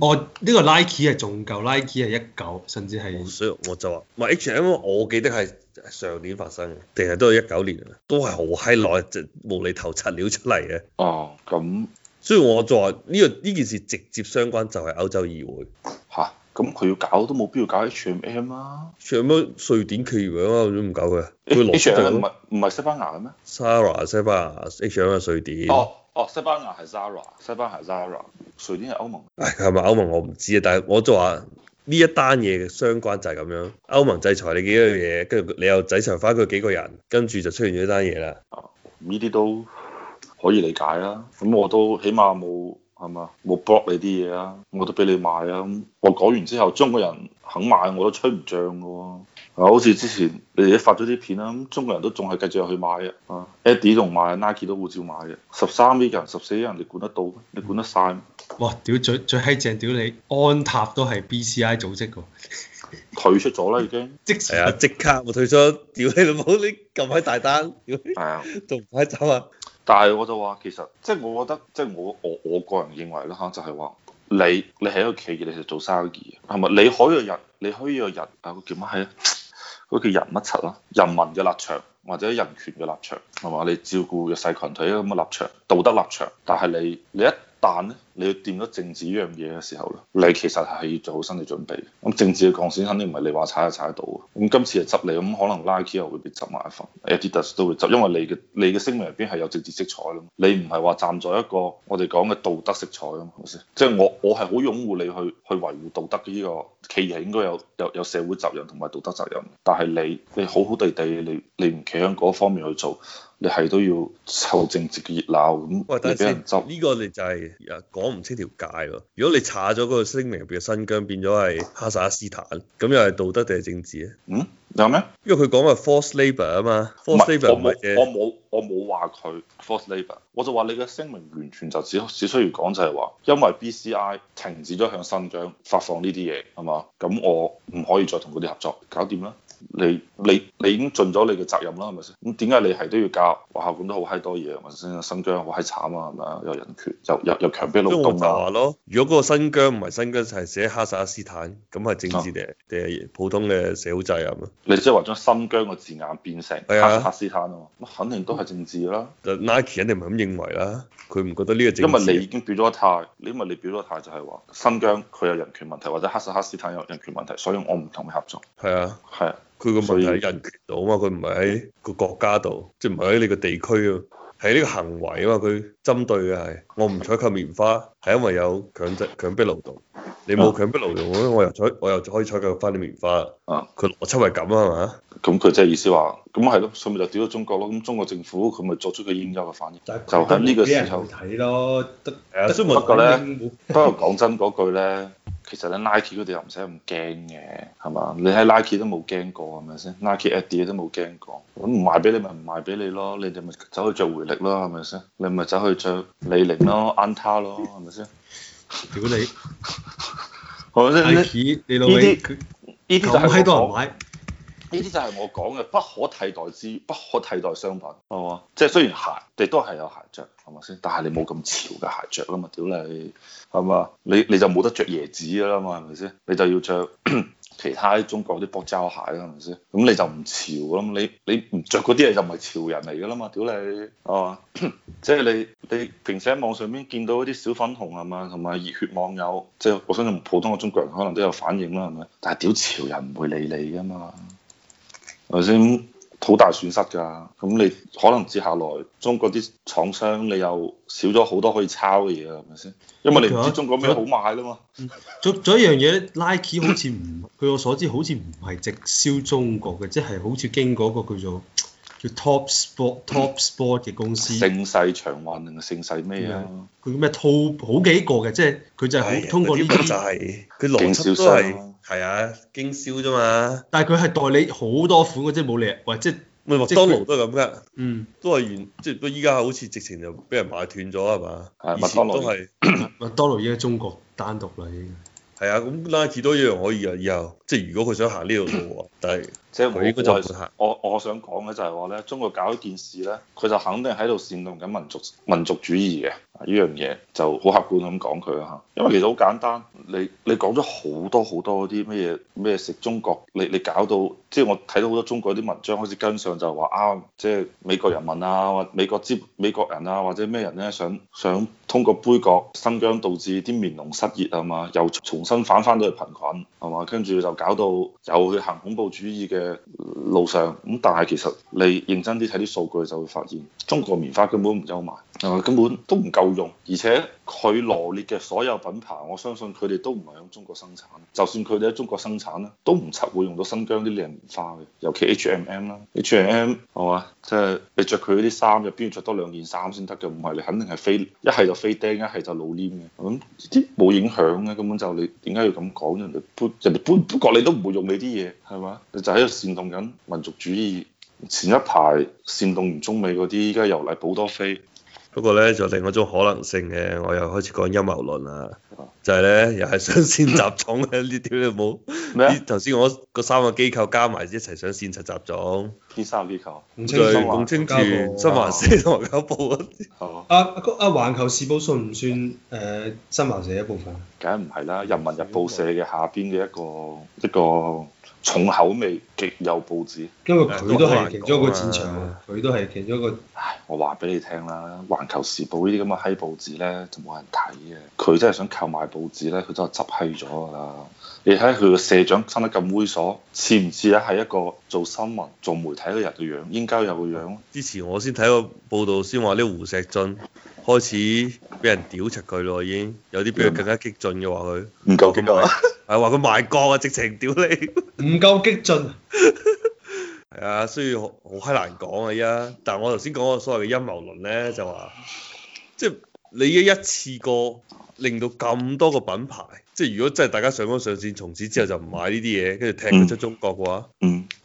我呢個 Nike 係仲舊，Nike 係一九甚至係。所以我就話，唔係 H M，、MM、我記得係上年發生嘅，定係都係一九年啊？都係好閪耐，就無厘頭拆料出嚟嘅。哦，咁。所以我就話呢個呢件事直接相關就係歐洲議會嚇，咁佢、啊、要搞都冇必要搞 H&M 啊，H&M 瑞典佢如何都唔搞佢，H&M 唔係唔係西班牙嘅咩？Zara 西班牙，H&M 瑞典。哦哦，西班牙係 Zara，西班牙係 Zara，瑞典係歐盟。係咪歐盟我唔知啊，但係我就話呢一單嘢嘅相關就係咁樣，歐盟制裁你幾樣嘢，跟住你又制裁翻佢幾個人，跟住就出現咗一單嘢啦。呢啲、啊、都。可以理解啦、啊，咁我都起碼冇係嘛，冇 block 你啲嘢啊，我都俾你買啊。我講完之後，中國人肯買我都吹唔漲嘅喎。啊，好似之前你哋一發咗啲片啦，咁中國人都仲係繼續去買嘅啊。Adi 同埋 Nike 都護照買嘅。十三億人，十四億人，你管得到咩？你管得晒？哇！屌最最閪正，屌你安踏都係 B C I 組織嘅，退出咗啦已經。係啊，即刻我退出。屌你老母，你咁閪大單，屌仲唔快走啊？但係我就話其實，即係我覺得，即係我我我個人認為啦，嚇，就係話你你係一個企業，你係做生意，係咪？你可以個人，你可以個人啊個叫乜嘢啊？嗰叫人乜柒咯？人民嘅立場或者人權嘅立場係咪？你照顧弱勢群體咁嘅立場、道德立場，但係你你一旦咧。你要掂咗政治呢樣嘢嘅時候咧，你其實係要做好心理準備。咁政治嘅鋼線肯定唔係你話踩就踩得到。咁今次係執你，咁可能 Nike 又會被執埋一份，Adidas Ed itors 都會執，因為你嘅你嘅聲明入邊係有政治色彩啦。你唔係話站在一個我哋講嘅道德色彩啊嘛，即係我我係好擁護你去去維護道德嘅呢個企業應該有有有社會責任同埋道德責任。但係你你好好地地你你唔企喺嗰方面去做，你係都要受政治嘅熱鬧咁，等等你俾人執。呢個你就係。我唔清條界咯。如果你查咗嗰個聲明入邊嘅新疆變咗係哈薩克斯坦，咁又係道德定係政治咧？嗯，有咩？因為佢講係 forced labour 啊嘛，forced labour 唔係，我冇我冇話佢 forced labour，我就話你嘅聲明完全就只只需要講就係話，因為 BCI 停止咗向新疆發放呢啲嘢，係嘛？咁我唔可以再同佢哋合作，搞掂啦。你你你已經盡咗你嘅責任啦，係咪先？咁點解你係都要教？學校管得好閪多嘢，話先新疆好閪慘啊，係咪啊？又人權，又又又強逼勞工啊！話咯，如果嗰個新疆唔係新疆，就係寫哈薩克斯坦，咁係政治定定、啊、普通嘅社會責任啊？你即係話將新疆嘅字眼變成哈薩克斯坦啊？嘛，肯定都係政治啦。就、啊、Nike 肯定唔係咁認為啦，佢唔覺得呢個政治。因為你已經表咗個態，因為你因咪你表咗個態就係話新疆佢有人權問題，或者哈薩克斯坦有人權問題，所以我唔同佢合作。係啊，係啊。佢個問題喺人權度啊嘛，佢唔係喺個國家度，即係唔係喺你個地區啊，喺呢個行為啊嘛，佢針對嘅係我唔採購棉花，係因為有強制強逼勞動，你冇強迫勞動，我又採我又可以採購翻啲棉花啊。佢邏輯係咁啊嘛。咁佢即係意思話，咁係咯，所以咪就屌咗中國咯。咁中國政府佢咪作出個應有嘅反應？就喺呢個時候睇咯。得誒，蘇雲不過講真句咧。其實咧 Nike 嗰啲又唔使咁驚嘅，係嘛？你喺 Nike 都冇驚過係咪先？Nike、Adidas 都冇驚過，咁唔賣俾你咪唔賣俾你咯，你哋咪走去著回力咯係咪先？你咪走去著李寧咯、ANTA 咯係咪先？如果你 Nike， 想你老尾啲呢啲就係我講，嘅不可替代之不可替代商品，係嘛？哦啊、即係雖然鞋你都係有鞋着，係咪先？但係你冇咁潮嘅鞋着啊嘛，屌你！係嘛？你你就冇得着椰子噶啦嘛，係咪先？你就要着 其他中國啲波焦鞋啦，係咪先？咁你就唔潮噶啦嘛，你你唔着嗰啲嘢就唔係潮人嚟噶啦嘛，屌你係嘛？即係你你平時喺網上面見到啲小粉紅啊嘛，同埋熱血網友，即係我相信普通嘅中國人可能都有反應啦，係咪？但係屌潮人唔會理你噶嘛，係咪先？好大損失㗎，咁你可能接下來中國啲廠商你又少咗好多可以抄嘅嘢啊，係咪先？因為你唔知中國咩好賣啦嘛。仲仲、嗯、一樣嘢，Nike 好似唔，嗯、據我所知好似唔係直銷中國嘅，即、就、係、是、好似經過一個叫做叫 Top Sport、Top Sport 嘅公司。嗯、盛世長運定係盛世咩啊？佢咩 Top？好幾個嘅，即係佢就係通過呢啲，佢、哎就是、邏輯都係。係啊，經銷啫嘛。但係佢係代理好多款嘅，即係冇理由。喂，即係麥當勞都係咁㗎。嗯，都係原即係都依家好似直情就俾人買斷咗係嘛？啊、以前都係麥當勞依家中國單獨啦已經。係啊，咁 Nike 都一樣可以啊以後。即係如果佢想行呢條路啊， 但係佢嗰陣行，我我想講嘅就係話咧，中國搞一件事咧，佢就肯定喺度煽動緊民族民族主義嘅呢樣嘢，就好客觀咁講佢啊嚇。因為其實好簡單，你你講咗好多好多啲咩嘢咩食中國，你你搞到即係我睇到好多中國啲文章開始跟上就係話啊，即係美國人民啊，或美國資美國人啊，或者咩人咧想想通過杯葛新疆，導致啲棉農失業啊嘛，又重新反翻到去貧困係嘛，跟住就。搞到又去行恐怖主義嘅路上，咁但係其實你認真啲睇啲數據就會發現，中國棉花根本唔憂賣。根本都唔夠用，而且佢羅列嘅所有品牌，我相信佢哋都唔係響中國生產。就算佢哋喺中國生產咧，都唔會用到新疆啲靚棉花嘅。尤其 H M M 啦，H M M 係嘛，即係你着佢啲衫，入邊要著多兩件衫先得嘅。唔係你肯定係飛一係就飛釘，一係就老黏嘅。咁啲冇影響嘅根本就你點解要咁講？人哋搬人哋搬，不過你都唔會用你啲嘢係嘛？你就喺度煽動緊民族主義。前一排煽動完中美嗰啲，依家由嚟保多飛。不過咧，仲有另一種可能性嘅，我又開始講陰謀論啦。就係咧，又係想先集重咧，呢啲你冇咩啊？頭先麼我嗰三個機構加埋一齊想先集集重。邊三個機構？對清共青社、環青社、新華社同埋《報、啊》嗰啲。哦好、啊。啊啊，《環球時報算》算唔算誒《新華社》一部分？梗係唔係啦，《人民日報社》嘅下邊嘅一個一個重口味極右報紙。因為佢都係其中一個戰場，佢、啊、都係其中一個。唉，我話俾你聽啦，《環球時報》呢啲咁嘅閪報紙咧，就冇人睇嘅。佢真係想賣報紙咧，佢都係執咗噶啦。你睇下佢個社長生得咁猥瑣，似唔似咧係一個做新聞、做媒體嘅人嘅樣，應該有個樣？之前我先睇個報道，先話啲胡錫進開始俾人屌柒佢咯，已經有啲比佢更加激進嘅話，佢唔夠激進，係話佢賣國啊，直情屌你，唔夠激進。係啊，所以好好閪難講啊，依家。但係我頭先講個所謂嘅陰謀論咧，就話即係你一一次過。令到咁多個品牌，即係如果真係大家上綱上線，從此之後就唔買呢啲嘢，跟住踢佢出中國嘅話，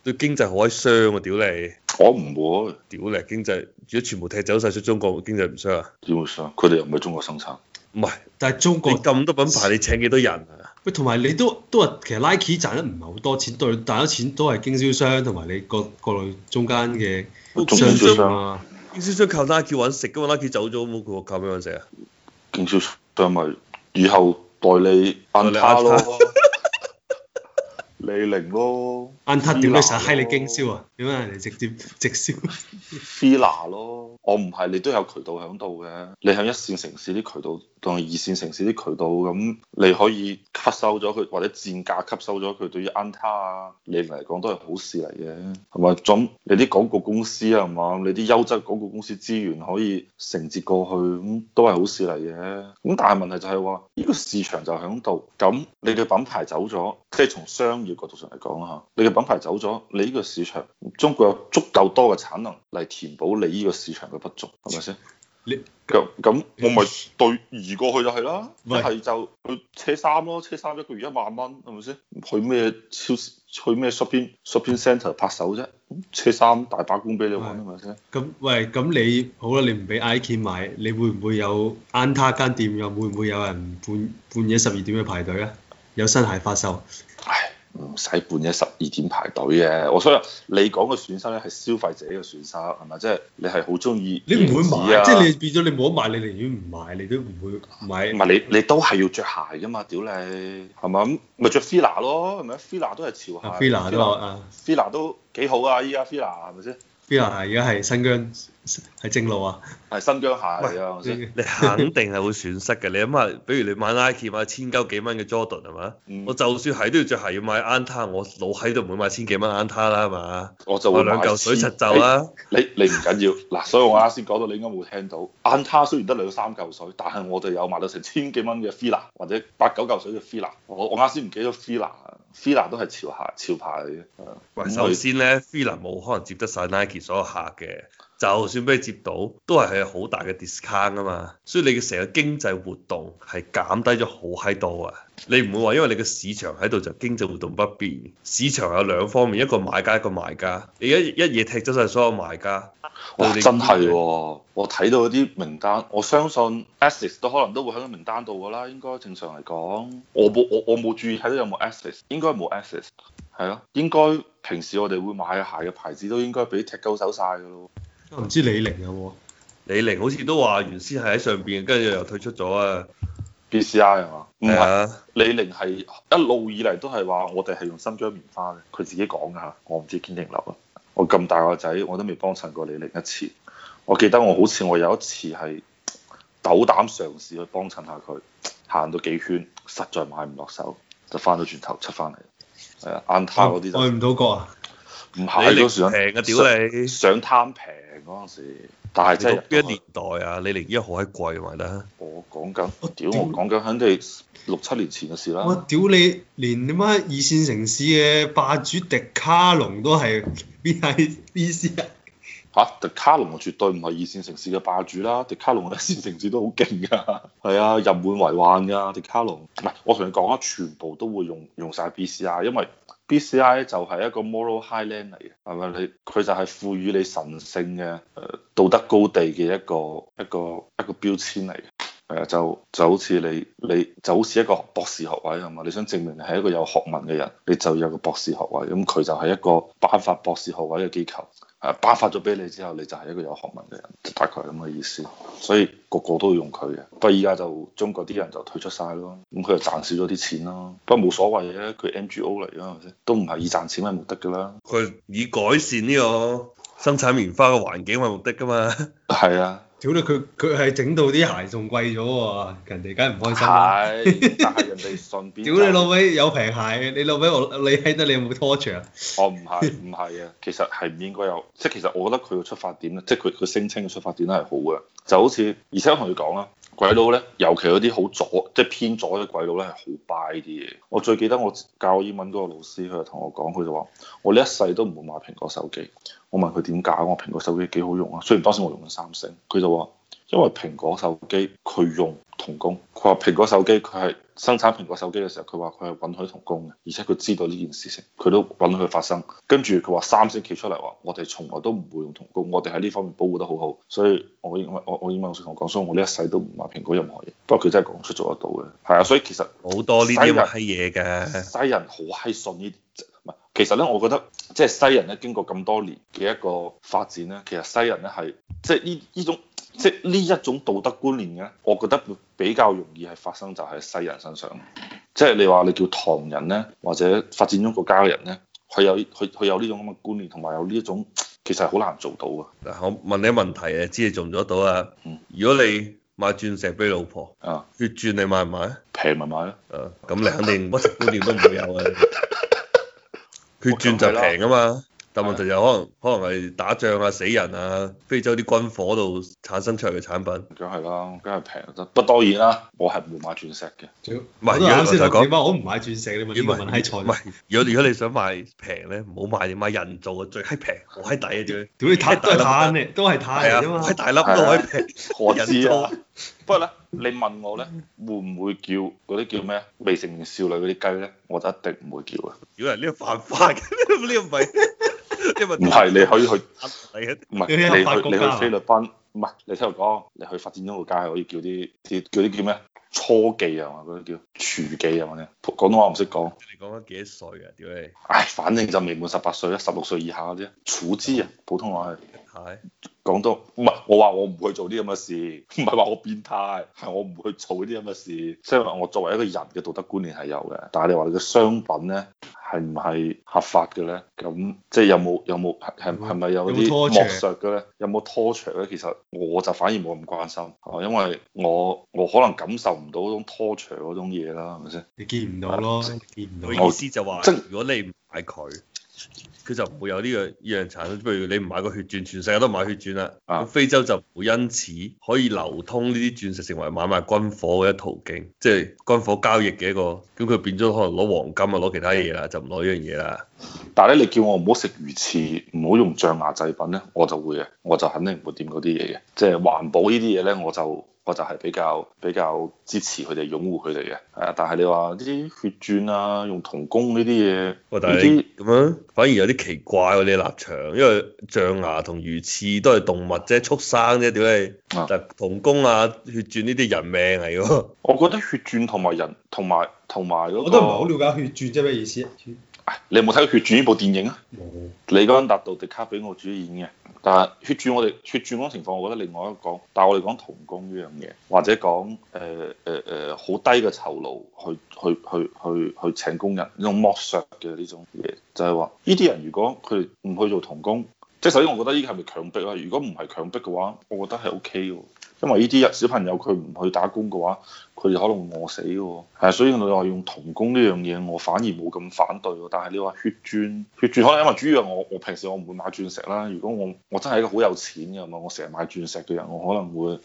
對經濟好鬼傷啊！屌你，我唔會，屌你經濟，如果全部踢走晒出中國，經濟唔衰啊？點會衰？佢哋又唔係中國生產，唔係，但係中國咁多品牌，你請幾多人啊？喂，同埋你都都話其實 Nike 賺得唔係好多錢，對，但係啲錢都係經銷商同埋你國國內中間嘅中間商啊！經銷商靠 Nike 搵食噶嘛？Nike 走咗冇佢，靠咩搵食啊？經銷商。上咪以後代理，代理安踏 咯，李寧咯，安踏點解成日嗨你經銷啊？點解人哋直接直銷？fila 咯。我唔係你都有渠道喺度嘅，你喺一線城市啲渠道當係二線城市啲渠道咁，你可以吸收咗佢或者賤價吸收咗佢，對於安踏啊你嚟講都係好事嚟嘅，係嘛？總你啲廣告公司啊，係嘛？你啲優質廣告公司資源可以承接過去，咁都係好事嚟嘅。咁但係問題就係話，呢個市場就喺度，咁你嘅品牌走咗，即係從商業角度上嚟講啊，你嘅品牌走咗，你呢個市場中國有足夠多嘅產能嚟填補你呢個市場嘅。不足係咪先？是是你咁咁那那我咪對移過去就係啦。咪係是就去車衫咯，車衫一個月一萬蚊係咪先？去咩超去咩 shop shopping shopping centre 拍手啫？車衫大把工俾你玩係咪先？咁是喂，咁你好啦，你唔俾 Ikea 買，你會唔會有安 n d 間店又會唔會有人半半夜十二點去排隊啊？有新鞋發售。唔使半夜十二點排隊啊！我想，你講嘅損失咧係消費者嘅損失，係咪？即係你係好中意，你唔會買，即係你變咗你冇得買，你寧願唔買，你都唔會買。唔係你，你都係要着鞋噶嘛？屌你，係咪咁？咪着 fila 咯，係咪？fila 都係潮鞋，fila 嗰個啊，fila 都幾好啊！依家 fila 係咪先？fila 係依家係新疆。係正路啊！係新疆鞋啊！你肯定係會損失嘅。你諗下，比如你買 Nike 買千九幾蚊嘅 Jordan 係嘛？我就算係都要着鞋，要買 Anta，我老喺度唔會買千幾蚊 Anta 啦，係嘛？我就會買兩嚿水實就啦。你你唔緊要嗱，所以我啱先講到你應該冇聽到 Anta 雖然得兩三嚿水，但係我哋有買到成千幾蚊嘅 Fila 或者八九嚿水嘅 Fila。我我啱先唔記得 Fila，Fila 都係潮鞋潮牌。首先咧，Fila 冇可能接得晒 Nike 所有客嘅。就算俾你接到，都係係好大嘅 discount 啊嘛，所以你嘅成個經濟活動係減低咗好多啊。你唔會話因為你嘅市場喺度就經濟活動不變。市場有兩方面，一個買家一個賣家。你一一嘢踢咗晒所有賣家，哇！我真係喎、哦，我睇到嗰啲名單，我相信 Asics 都可能都會喺個名單度㗎啦。應該正常嚟講，我冇我我冇注意睇到有冇 Asics，應該冇 Asics，係咯，應該平時我哋會買鞋嘅牌子都應該俾踢鳩走晒㗎咯。哦、都唔知是、啊、李寧有冇？李寧好似都話原先係喺上邊，跟住又退出咗啊！B C I 係嘛？唔係，李寧係一路以嚟都係話我哋係用新疆棉花嘅，佢自己講噶吓。我唔知堅定流啊！我咁大個仔，我都未幫襯過李寧一次。我記得我好似我有一次係斗膽嘗試去幫襯下佢，行到幾圈，實在買唔落手，就翻到轉頭出翻嚟。係啊，硬塌嗰啲就是。愛唔到個啊！唔係、啊、李寧平嘅屌你，想貪平。嗰陣時，但係即係咩年代啊？你連一海櫃咪得？我講緊，我屌我講緊，肯定六七年前嘅事啦。我屌你，連你媽二線城市嘅霸主迪卡龍都係 B I B C 啊！嚇、啊，迪卡龍絕對唔係二線城市嘅霸主啦，迪卡龍一線城市都好勁㗎。係啊，人滿為患㗎，迪卡龍唔係，我同你講啊，全部都會用用晒 B C 啊！因為。BCI 就係一個 moral highland 嚟嘅，係咪你佢就係賦予你神聖嘅誒、呃、道德高地嘅一個一個一個標籤嚟嘅，誒、呃、就就好似你你就好似一個博士學位咁嘛。你想證明你係一個有學問嘅人，你就有一個博士學位，咁、嗯、佢就係一個頒發博士學位嘅機構。誒，發發咗俾你之後，你就係一個有學問嘅人，大概係咁嘅意思。所以個個都會用佢嘅，不過而家就中國啲人就退出晒咯，咁佢就賺少咗啲錢咯。不過冇所謂嘅，佢 NGO 嚟嘅，都唔係以賺錢為目的㗎啦。佢以改善呢個生產棉花嘅環境為目的㗎嘛。係 啊。屌你佢佢係整到啲鞋仲貴咗喎，啊，人哋梗係唔開心啦，啊。係，但係人哋順便。屌 你老味有平鞋嘅。你老味我你喺度，你有冇拖住啊？我唔係唔係啊，其實係唔應該有，即係其實我覺得佢嘅出發點咧，即係佢佢聲稱嘅出發點係好嘅，就好似而且我同佢講啦。鬼佬咧，尤其嗰啲好左，即係偏左啲鬼佬咧，係好 buy 啲嘢。我最記得我教英文嗰個老師，佢就同我講，佢就話，我呢一世都唔會買蘋果手機。我問佢點解，我蘋果手機幾好用啊？雖然當時我用緊三星，佢就話，因為蘋果手機，佢用童工，佢話蘋果手機，佢係。生產蘋果手機嘅時候，佢話佢係允許同工嘅，而且佢知道呢件事情，佢都允許發生。跟住佢話三星企出嚟話，我哋從來都唔會用同工，我哋喺呢方面保護得好好。所以我，我我我我英文老師同我講，所以我呢一世都唔買蘋果任何嘢。不過佢真係講出做得到嘅，係啊。所以其實好多呢啲西嘢嘅西人好閪信呢，唔係其實咧，我覺得即係西人咧經過咁多年嘅一個發展咧，其實西人咧係即係呢呢種。即係呢一種道德觀念嘅，我覺得比較容易係發生就喺西人身上。即係你話你叫唐人咧，或者發展中國家嘅人咧，佢有佢佢有呢種咁嘅觀念，同埋有呢一種其實好難做到啊。嗱，我問你一問題啊，知你做唔做到啊？如果你買鑽石俾老婆，啊，血鑽你買唔買？平咪買咯。啊，咁、啊、你肯定乜觀念都唔會有啊！ 血鑽就平啊嘛～個問題就可能可能係打仗啊、死人啊、非洲啲軍火度產生出嚟嘅產品，梗係啦，梗係平得。不當然啦，我係唔買鑽石嘅。唔係啱先就講，我唔買鑽石，你咪啲人唔係，如果如果你想買平咧，冇買，買人造嘅最閪平，閪抵啊！屌，都係碳咧，都係碳啊嘛，大粒都係平。何止啊？不過咧，你問我咧，會唔會叫嗰啲叫咩未成年少女嗰啲雞咧，我就一定唔會叫啊！如果係，呢個犯法嘅，呢個唔係。唔係，你可以去，唔係你,你去你去菲律賓。唔係，你聽我講，你去發展中國家可以叫啲叫啲叫咩？初技啊嘛，嗰啲叫廚記啊嘛，啲廣東話唔識講。你講咗幾多歲啊？屌你！唉，反正就未滿十八歲啦，十六歲以下嗰啲，儲資啊，普通話係。講到，唔係，我話我唔去做啲咁嘅事，唔係話我變態，係我唔去做啲咁嘅事。即係話我作為一個人嘅道德觀念係有嘅，但係你話你嘅商品咧係唔係合法嘅咧？咁即係有冇有冇係係咪有啲剝削嘅咧？有冇拖削咧？其實我就反而冇咁關心，因為我我可能感受唔到嗰種拖削嗰種嘢啦，係咪先？你見唔到咯？我意思就話，即係，如果你唔買佢。就是佢就唔會有呢、呢個呢樣產品，譬如你唔買個血鑽，全世界都買血鑽啦，咁、啊、非洲就因此可以流通呢啲鑽石成為買賣軍火嘅一途徑，即係軍火交易嘅一個。咁佢變咗可能攞黃金啊，攞其他嘢啦，就唔攞呢樣嘢啦。但係咧，你叫我唔好食魚翅，唔好用象牙製品咧，我就會嘅，我就肯定唔會掂嗰啲嘢嘅，即、就、係、是、環保呢啲嘢咧，我就。我就係比較比較支持佢哋，擁護佢哋嘅，係啊，但係你話呢啲血鑽啊、用童工呢啲嘢，我呢啲咁樣血鑽反而有啲奇怪喎、啊、你立場，因為象牙同魚翅都係動物啫，畜生啫，點解？但童工啊、啊血鑽呢啲人命嚟喎。我覺得血鑽同埋人同埋同埋嗰個我都唔係好了解血鑽即係咩意思。你有冇睇過《血戰》呢部電影啊？你嗰陣達到迪卡俾我主演嘅，但係《血戰》我哋《血戰》種情況，我覺得另外一個講。但係我哋講童工呢樣嘢，或者講誒誒誒好低嘅酬勞，去去去去去請工人呢種剝削嘅呢種嘢，就係話呢啲人如果佢唔去做童工，即係首先我覺得呢個係咪強迫啊？如果唔係強迫嘅話，我覺得係 O K 嘅。因為呢啲小朋友佢唔去打工嘅話，佢可能會餓死嘅喎、哦。係，所以你話用童工呢樣嘢，我反而冇咁反對。但係你話血鑽，血鑽可能因為主要係我，我平時我唔會買鑽石啦。如果我我真係一個好有錢嘅嘛，我成日買鑽石嘅人，我可能會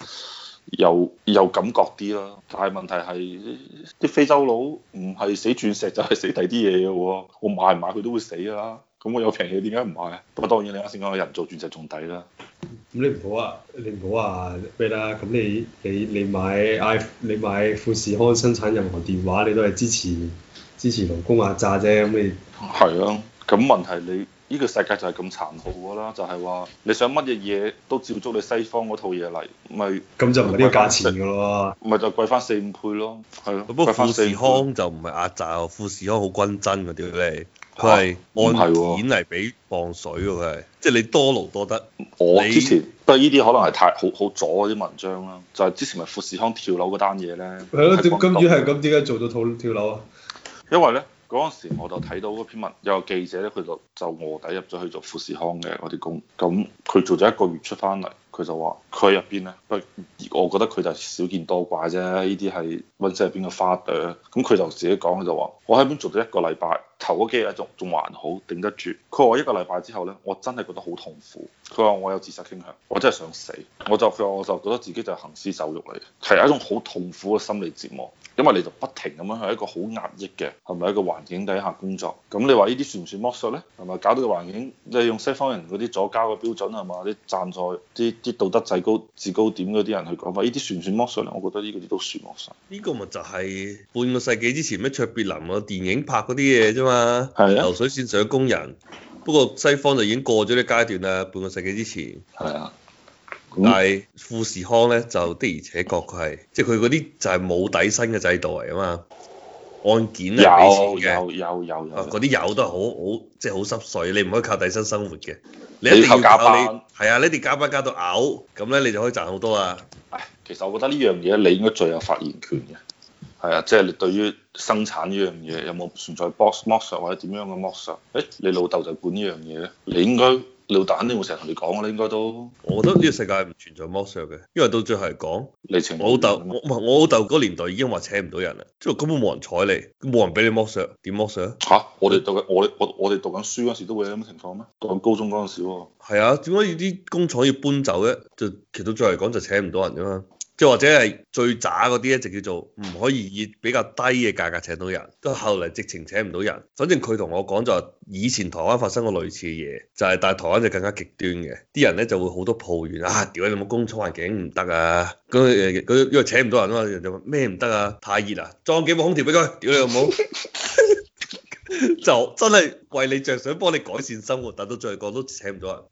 有有感覺啲咯。但係問題係啲非洲佬唔係死鑽石就係死第啲嘢嘅喎，我買唔買佢都會死㗎啦。咁我有平你點解唔買啊？不過當然你啱先講嘅人造鑽石仲抵啦。咁你唔好啊！你唔好話咩啦？咁你你你買 i、啊、你買富士康生產任何電話，你都係支持支持勞工壓榨啫。咁你係啊？咁問題你呢、呢個世界就係咁殘酷噶啦，就係、是、話你想乜嘢嘢都照足你西方嗰套嘢嚟，咪咁就唔係呢個價錢噶咯，咪就貴翻四五倍咯。係咯、啊。不過富士康就唔係壓榨、啊、富士康好均真㗎屌你。係安排演嚟俾放水㗎佢，即係你多勞多得。我之前不過呢啲可能係太好好阻嗰啲文章啦，就係、是、之前咪富士康跳樓嗰單嘢咧。係咯了，點金主係咁？點解做到跳跳樓啊？因為咧嗰陣時我就睇到嗰篇文，有個記者咧佢就就卧底入咗去做富士康嘅嗰啲工，咁佢做咗一個月出翻嚟。佢就話：佢喺入邊咧，不，我覺得佢就少見多怪啫。呢啲係温室入邊嘅花朵。咁佢就自己講，佢就話：我喺邊做咗一個禮拜，頭嗰幾日仲仲還好，頂得住。佢話：我一個禮拜之後呢，我真係覺得好痛苦。佢話：我有自殺傾向，我真係想死。我就佢話：我就覺得自己就係行屍走肉嚟嘅，係一種好痛苦嘅心理折磨。因為你就不停咁樣去一個好壓抑嘅，係咪一個環境底下工作？咁你話呢啲算唔算剝削呢？係咪搞到個環境？你用西方人嗰啲左膠嘅標準係嘛？啲站在啲。啲道德制高、至高點嗰啲人去講話，算不算不算呢啲算唔算剝削咧？我覺得呢個啲都算剝削。呢個咪就係半個世紀之前咩？卓別林個電影拍嗰啲嘢啫嘛。係啊的。流水線上工人，不過西方就已經過咗呢階段啦。半個世紀之前。係啊。嗯、但係富士康咧，就的而且確佢係，即係佢嗰啲就係、是、冇底薪嘅制度嚟啊嘛。案件啊，有有有有有，嗰啲有，有都係好好，即係好濕碎，你唔可以靠底薪生活嘅。你一定要加你，係啊，你哋加班加到嘔，咁咧你就可以賺好多啊。其實我覺得呢樣嘢你應該最有發言權嘅，係啊，即係你對於生產呢樣嘢有冇存在 boss 剝削、er, 或者點樣嘅 m 剝削？誒，你老豆就管呢樣嘢，你應該。老豆肯定會成日同你講噶啦，應該都。我覺得呢個世界唔存在剝削嘅，因為到最後嚟講，你請情我老豆，我唔係我老豆嗰年代已經話請唔到人啦，即係根本冇人睬你，冇人俾你剝削，點剝削吓？啊，我哋讀緊我我我哋讀緊書嗰時都會有咁嘅情況咩？讀緊高中嗰陣時喎。係啊，點解要啲工廠要搬走咧？就其實到最後嚟講就請唔到人噶嘛。即或者係最渣嗰啲，就叫做唔可以以比較低嘅價格請到人，都後嚟直情請唔到人。反正佢同我講就係以前台灣發生過類似嘅嘢，就係但係台灣就更加極端嘅，啲人咧就會好多抱怨啊！屌你，有冇工作環境唔得啊？咁誒，佢因為請唔到人啊嘛，就話咩唔得啊？太熱啊！裝幾部空調俾佢，屌你老母！ 就真係為你着想，幫你改善生活，但到最後都請唔到人。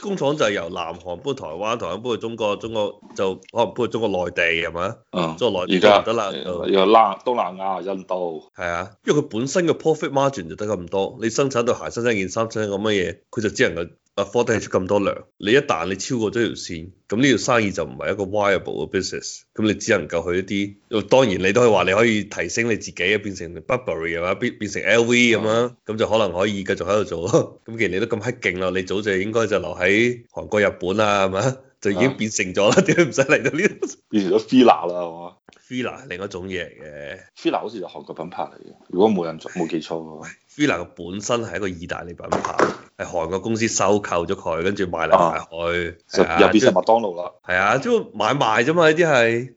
工廠就係由南韓搬台灣台灣搬去中國。中國就可能搬去中國內地係咪啊？嗯，中國內地而家、啊、得啦，又南東南亞、印度係啊，因為佢本身嘅 profit margin 就得咁多，你生產到鞋、生產件衫、生產個乜嘢，佢就只能夠。啊，科低出咁多糧，你一旦你超過咗條線，咁呢條生意就唔係一個 viable 嘅 business，咁你只能夠去一啲，當然你都可以話你可以提升你自己啊，變成 Burberry 啊，變變成 LV 咁樣，咁就可能可以繼續喺度做咯。咁既然你都咁黑勁咯，你早就應該就留喺韓國、日本啦，係嘛？就已經變成咗啦，點解唔使嚟到呢度？變成咗 Fila 啦，係嘛？Fila 另一種嘢嚟嘅。Fila 好似就韓國品牌嚟嘅，如果冇人冇記錯嘅話，Fila 本身係一個意大利品牌，係韓國公司收購咗佢，跟住賣嚟賣去，啊啊、又變成麥當勞啦。係啊，即係、啊、買賣啫嘛，呢啲係。